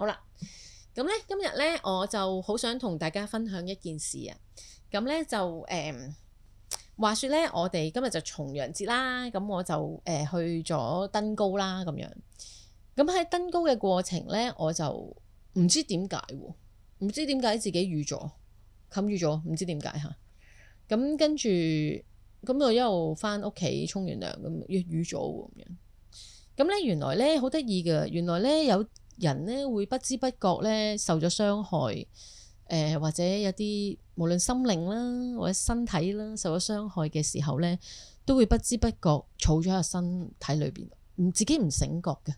好啦，咁咧今日咧，我就好想同大家分享一件事啊。咁咧就誒、嗯、話説咧，我哋今日就重陽節啦，咁我就誒、呃、去咗登高啦，咁樣。咁喺登高嘅過程咧，我就唔知點解喎，唔知點解自己瘀咗，冚瘀咗，唔知點解嚇。咁跟住咁我一路返屋企沖完涼，咁又瘀咗喎咁樣。咁咧原來咧好得意嘅，原來咧有，人呢，會不知不覺呢，受咗傷害，誒、呃、或者有啲無論心靈啦或者身體啦受咗傷害嘅時候呢，都會不知不覺儲咗喺個身體裏邊，唔自己唔醒覺嘅。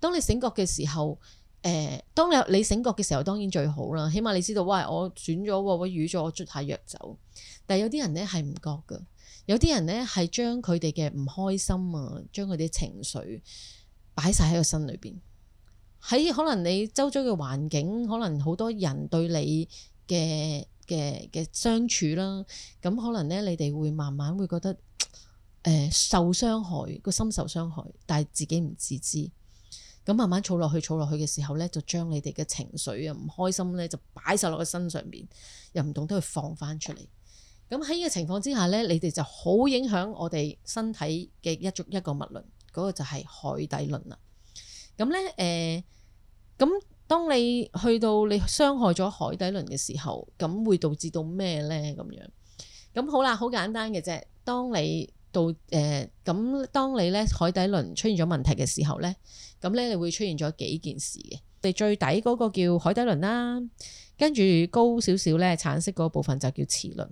當你醒覺嘅時候，誒、呃、當你你醒覺嘅時候，當然最好啦，起碼你知道，「喂，我損咗，我淤咗，我捽下藥酒。」但係有啲人呢係唔覺嘅，有啲人呢係將佢哋嘅唔開心啊，將佢哋情緒擺晒喺個心裏邊。喺可能你周遭嘅環境，可能好多人對你嘅嘅嘅相處啦，咁可能咧你哋會慢慢會覺得誒、呃、受傷害，個心受傷害，但係自己唔自知。咁慢慢儲落去，儲落去嘅時候咧，就將你哋嘅情緒啊唔開心咧，就擺晒落個身上邊，又唔懂得去放翻出嚟。咁喺呢個情況之下咧，你哋就好影響我哋身體嘅一族一個脈輪，嗰、那個就係海底輪啦。咁咧，誒咁、嗯嗯，當你去到你傷害咗海底輪嘅時候，咁會導致到咩咧？咁樣咁、嗯、好啦，好簡單嘅啫。當你到誒咁、嗯嗯，當你咧海底輪出現咗問題嘅時候咧，咁、嗯、咧你會出現咗幾件事嘅。你最底嗰個叫海底輪啦，跟住高少少咧，橙色嗰部分就叫臍輪，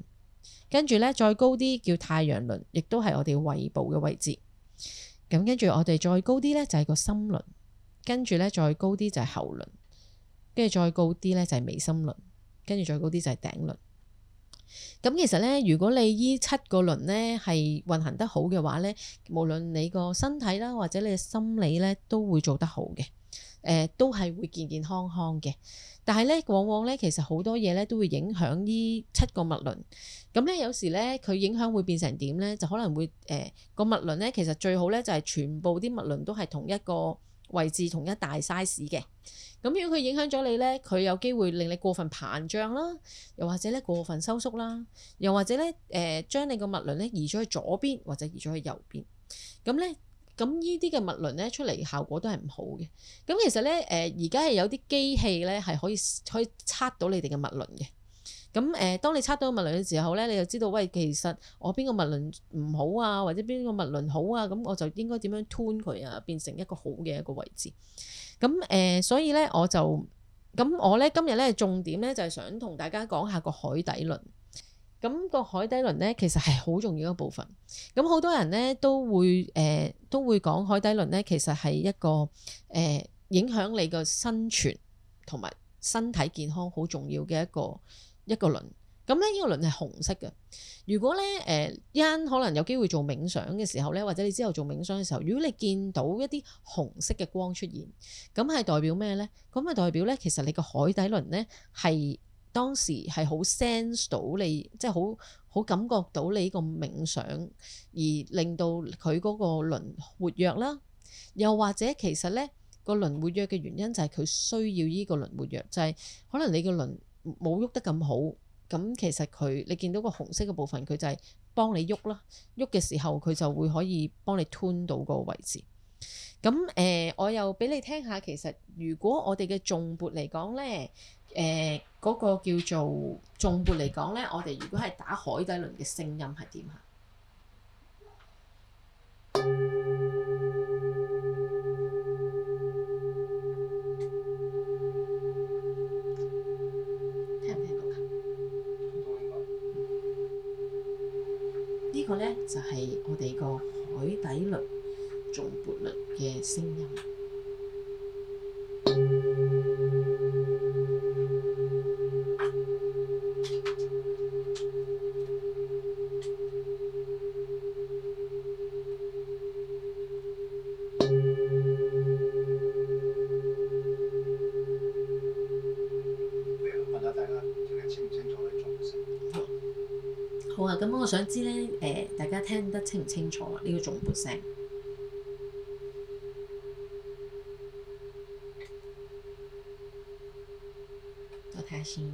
跟住咧再高啲叫太陽輪，亦都係我哋胃部嘅位置。咁跟住我哋再高啲咧，就係個心輪。跟住咧，再高啲就係喉輪，跟住再高啲咧就係眉心輪，跟住再高啲就係頂輪。咁、嗯、其實咧，如果你呢七個輪咧係運行得好嘅話咧，無論你個身體啦或者你嘅心理咧都會做得好嘅，誒、呃、都係會健健康康嘅。但係咧，往往咧其實好多嘢咧都會影響呢七個脈輪。咁、嗯、咧、嗯、有時咧佢影響會變成點咧，就可能會誒個、呃、脈輪咧其實最好咧就係、是、全部啲脈輪都係同一個位置同一大 size 嘅，咁如果佢影響咗你呢，佢有機會令你過分膨脹啦，又或者咧過分收縮啦，又或者咧誒、呃、將你個脈輪咧移咗去左邊或者移咗去右邊，咁咧咁呢啲嘅脈輪咧出嚟效果都係唔好嘅。咁其實咧誒而家係有啲機器咧係可以可以測到你哋嘅脈輪嘅。咁誒、呃，當你測到個脈輪嘅時候咧，你就知道喂，其實我邊個脈輪唔好啊，或者邊個脈輪好啊？咁我就應該點樣 tune 佢啊，變成一個好嘅一個位置。咁誒、呃，所以咧我就咁我咧今日咧重點咧就係、是、想同大家講下海、個海底輪。咁個海底輪咧其實係好重要一部分。咁好多人咧都會誒、呃、都會講海底輪咧，其實係一個誒、呃、影響你個生存同埋身體健康好重要嘅一個。一個輪咁咧，依個輪係紅色嘅。如果咧，誒、呃，一陣間可能有機會做冥想嘅時候咧，或者你之後做冥想嘅時候，如果你見到一啲紅色嘅光出現，咁係代表咩咧？咁啊，代表咧，其實你個海底輪咧係當時係好 sense 到你，即係好好感覺到你依個冥想，而令到佢嗰個輪活躍啦。又或者其實咧，個輪活躍嘅原因就係佢需要呢個輪活躍，就係、是、可能你個輪。冇喐得咁好，咁其實佢你見到個紅色嘅部分，佢就係幫你喐啦。喐嘅時候，佢就會可以幫你 tune 到個位置。咁誒、呃，我又俾你聽下，其實如果我哋嘅頌缽嚟講呢，誒、呃、嗰、那個叫做頌缽嚟講呢，我哋如果係打海底輪嘅聲音係點啊？個呢個咧就係、是、我哋個海底輪、頌缽輪嘅聲音。我想知咧，誒、呃、大家聽得清唔清楚？呢、這個頌缽聲，我睇下先。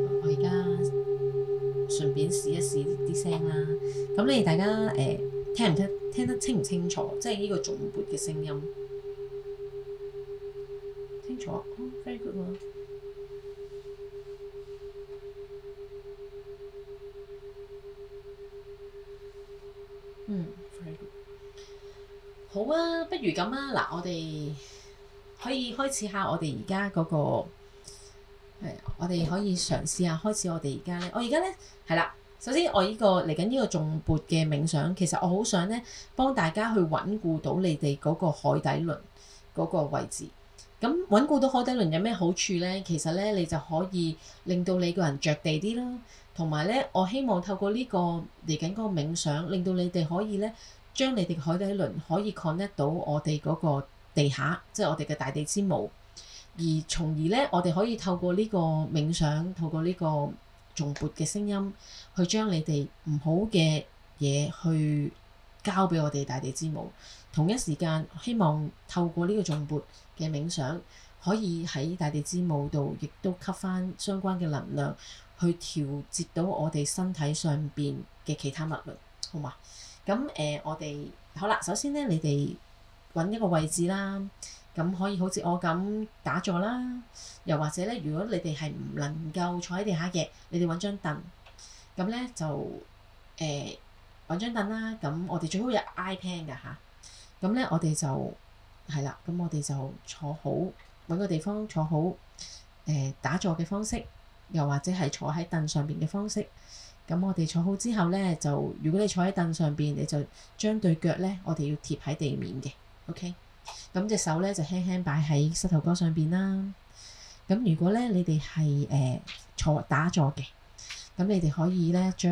我而家順便試一試啲聲啦。咁你大家誒、呃、聽唔聽？聽得清唔清楚？即係呢個頌缽嘅聲音。好 v 嗯，好啊，不如咁啊。嗱，我哋可以開始下我哋而家嗰個，我哋可以嘗試下開始我哋而家咧。我而家呢，係啦。首先我、這個，我呢個嚟緊呢個重撥嘅冥想，其實我好想呢，幫大家去穩固到你哋嗰個海底輪嗰個位置。咁穩固到海底輪有咩好處呢？其實呢，你就可以令到你個人着地啲啦。同埋呢，我希望透過呢個嚟緊嗰個冥想，令到你哋可以呢，將你哋海底輪可以 connect 到我哋嗰個地下，即係我哋嘅大地之母。而從而呢，我哋可以透過呢個冥想，透過呢個頌缽嘅聲音，去將你哋唔好嘅嘢去交俾我哋大地之母。同一時間，希望透過呢個頌缽嘅冥想，可以喺大地之母度，亦都吸翻相關嘅能量，去調節到我哋身體上邊嘅其他脈輪，好嘛？咁誒、呃，我哋好啦，首先咧，你哋揾一個位置啦，咁可以好似我咁打坐啦，又或者咧，如果你哋係唔能夠坐喺地下嘅，你哋揾張凳，咁咧就誒揾、呃、張凳啦。咁我哋最好有 iPad 嘅嚇。咁咧，我哋就係啦。咁我哋就坐好，搵個地方坐好。誒、呃、打坐嘅方式，又或者係坐喺凳上邊嘅方式。咁我哋坐好之後咧，就如果你坐喺凳上邊，你就將對腳咧，我哋要貼喺地面嘅。O.K. 咁隻手咧就輕輕擺喺膝頭哥上邊啦。咁如果咧你哋係誒坐打坐嘅。咁你哋可以咧將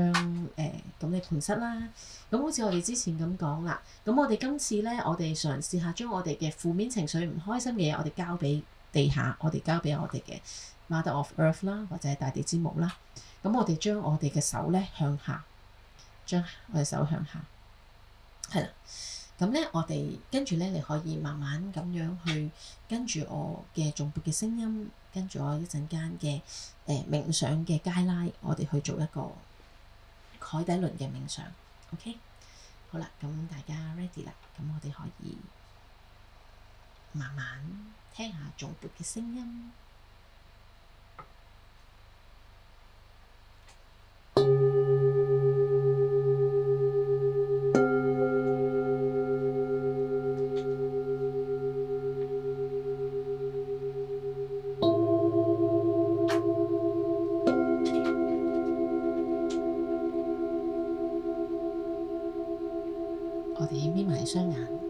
誒咁嘅盤室啦，咁好似我哋之前咁講啦，咁我哋今次咧，我哋嘗試下將我哋嘅負面情緒、唔開心嘅嘢，我哋交俾地下，我哋交俾我哋嘅 Mother of Earth 啦，或者係大地之母啦。咁我哋將我哋嘅手咧向下，將我哋手向下，係啦。咁咧，我哋跟住咧，你可以慢慢咁樣去跟住我嘅頌缽嘅聲音，跟住我一陣間嘅誒冥想嘅階拉，我哋去做一個海底輪嘅冥想。OK，好啦，咁大家 ready 啦，咁我哋可以慢慢聽下頌缽嘅聲音。我哋要眯埋雙眼。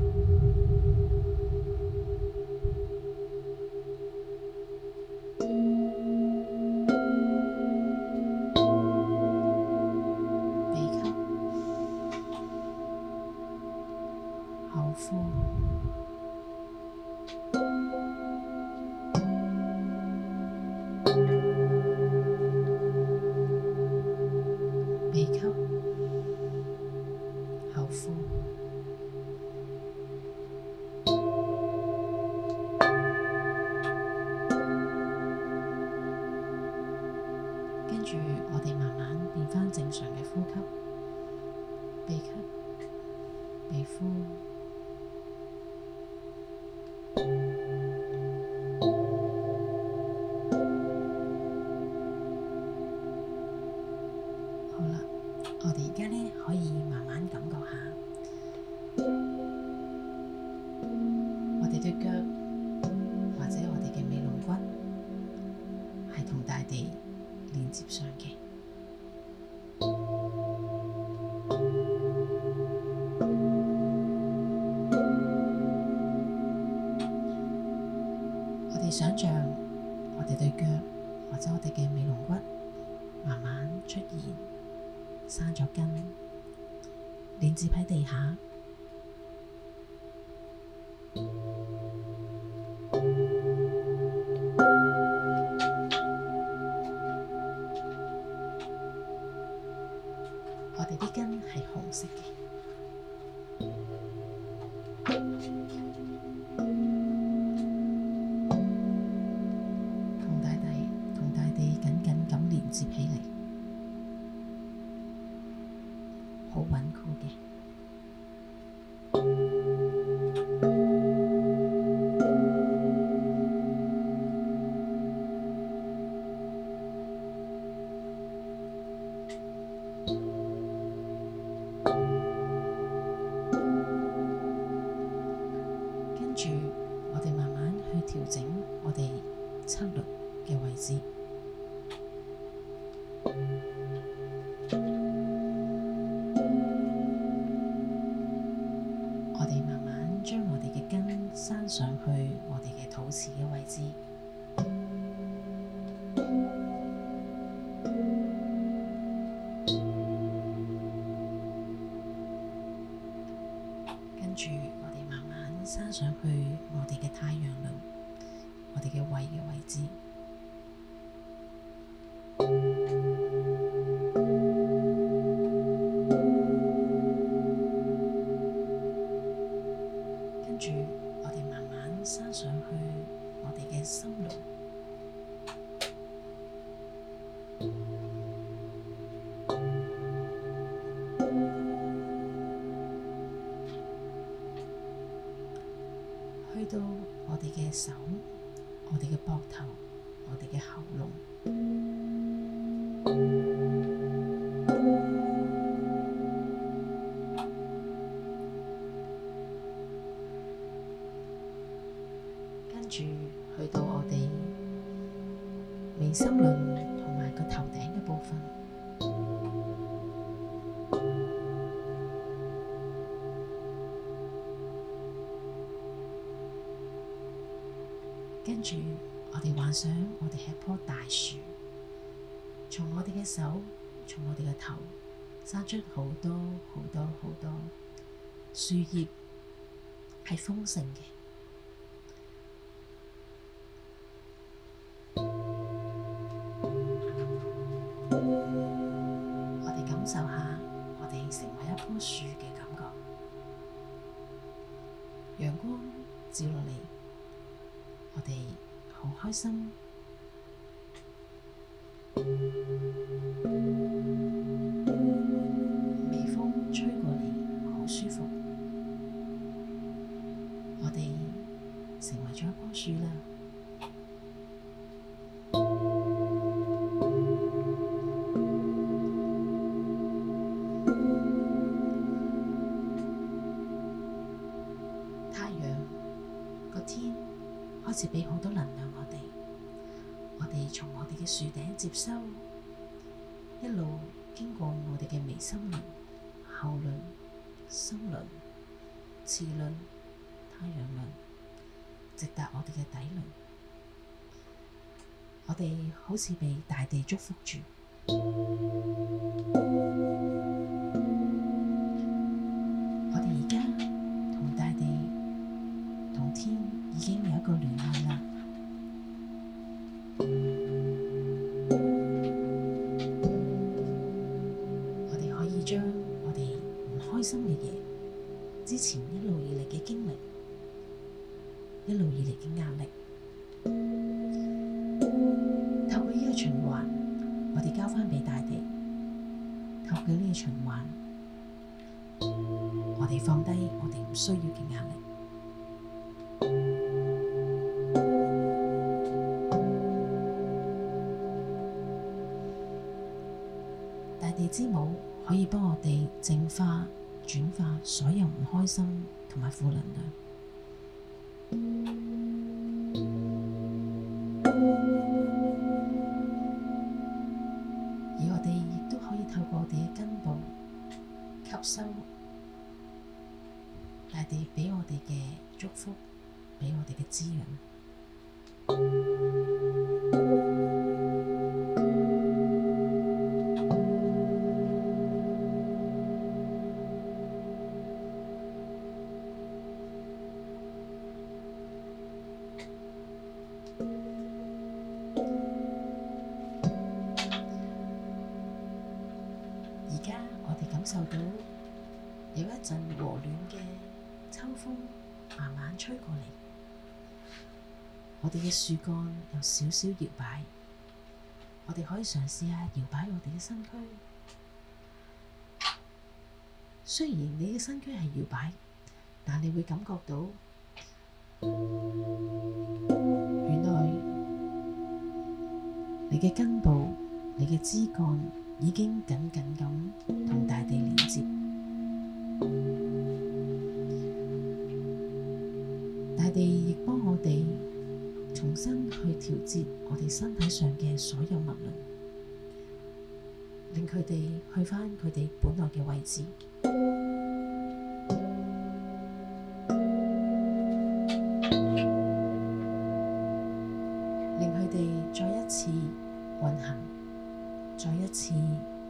跟住，我哋慢慢去調整我哋策略嘅位置。山上去，我哋嘅心路，心輪同埋個頭頂嘅部分，跟住我哋幻想，我哋係一棵大樹，從我哋嘅手，從我哋嘅頭生出好多好多好多樹葉，係豐盛嘅。我將光樹啦，太陽、個天開始畀好多能量我哋，我哋從我哋嘅樹頂接收，一路經過我哋嘅眉心輪、喉輪、心輪、臍輪、太陽輪。直達我哋嘅底輪，我哋好似被大地祝福住。 你俾我哋嘅祝福，俾我哋嘅滋潤。樹幹有少少搖擺，我哋可以嘗試下搖擺我哋嘅身軀。雖然你嘅身軀係搖擺，但你會感覺到，原來你嘅根部、你嘅枝幹已經緊緊咁同大地連接，大地亦幫我哋。重新去調節我哋身體上嘅所有物聯，令佢哋去返佢哋本來嘅位置，令佢哋再一次運行，再一次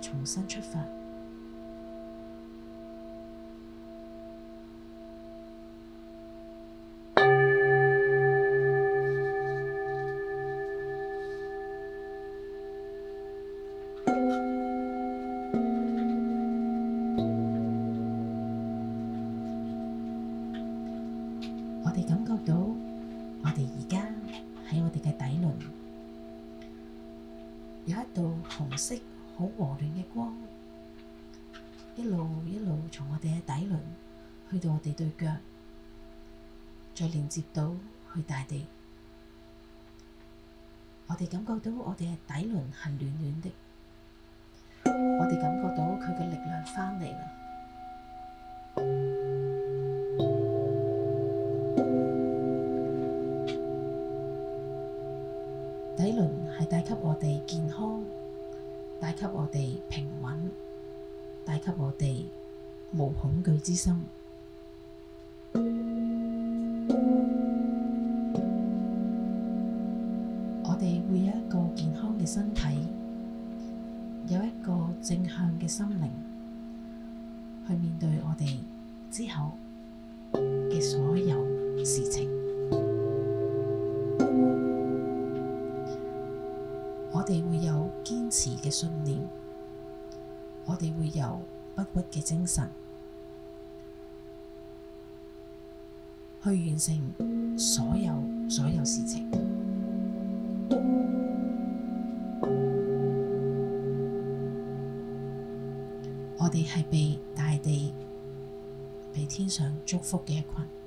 重新出發。我哋感覺到我哋嘅底輪係暖暖的，我哋感覺到佢嘅力量翻嚟啦。我哋會有堅持嘅信念，我哋會有不屈嘅精神，去完成所有所有事情。我哋係被大地、被天上祝福嘅一群。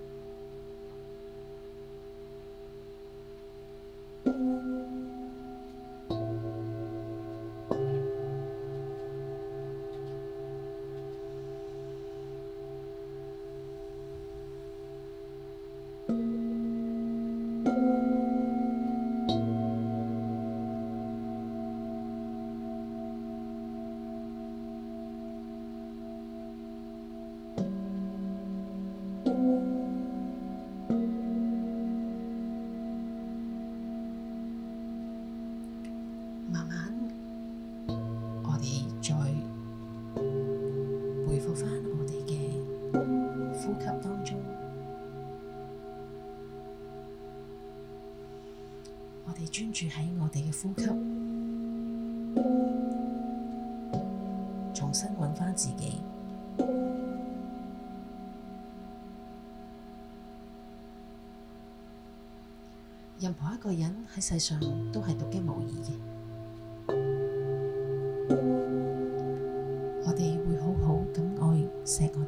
任何一個人喺世上都係獨一無二嘅， 我哋會好好咁愛錫。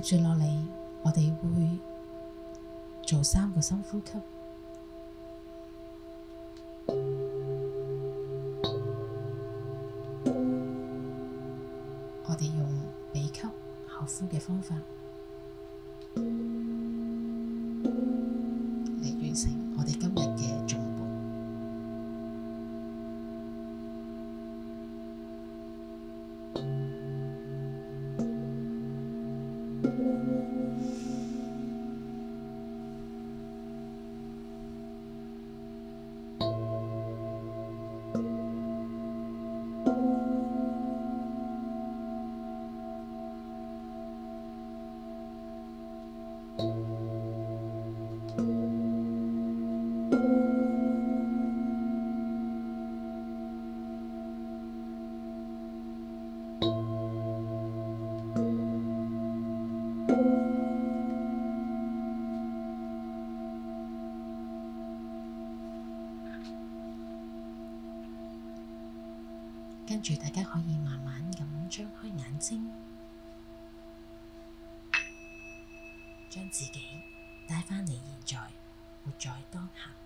接住落嚟，我哋會做三個深呼吸。跟住，大家可以慢慢咁張開眼睛，將自己帶返嚟現在，活在當下。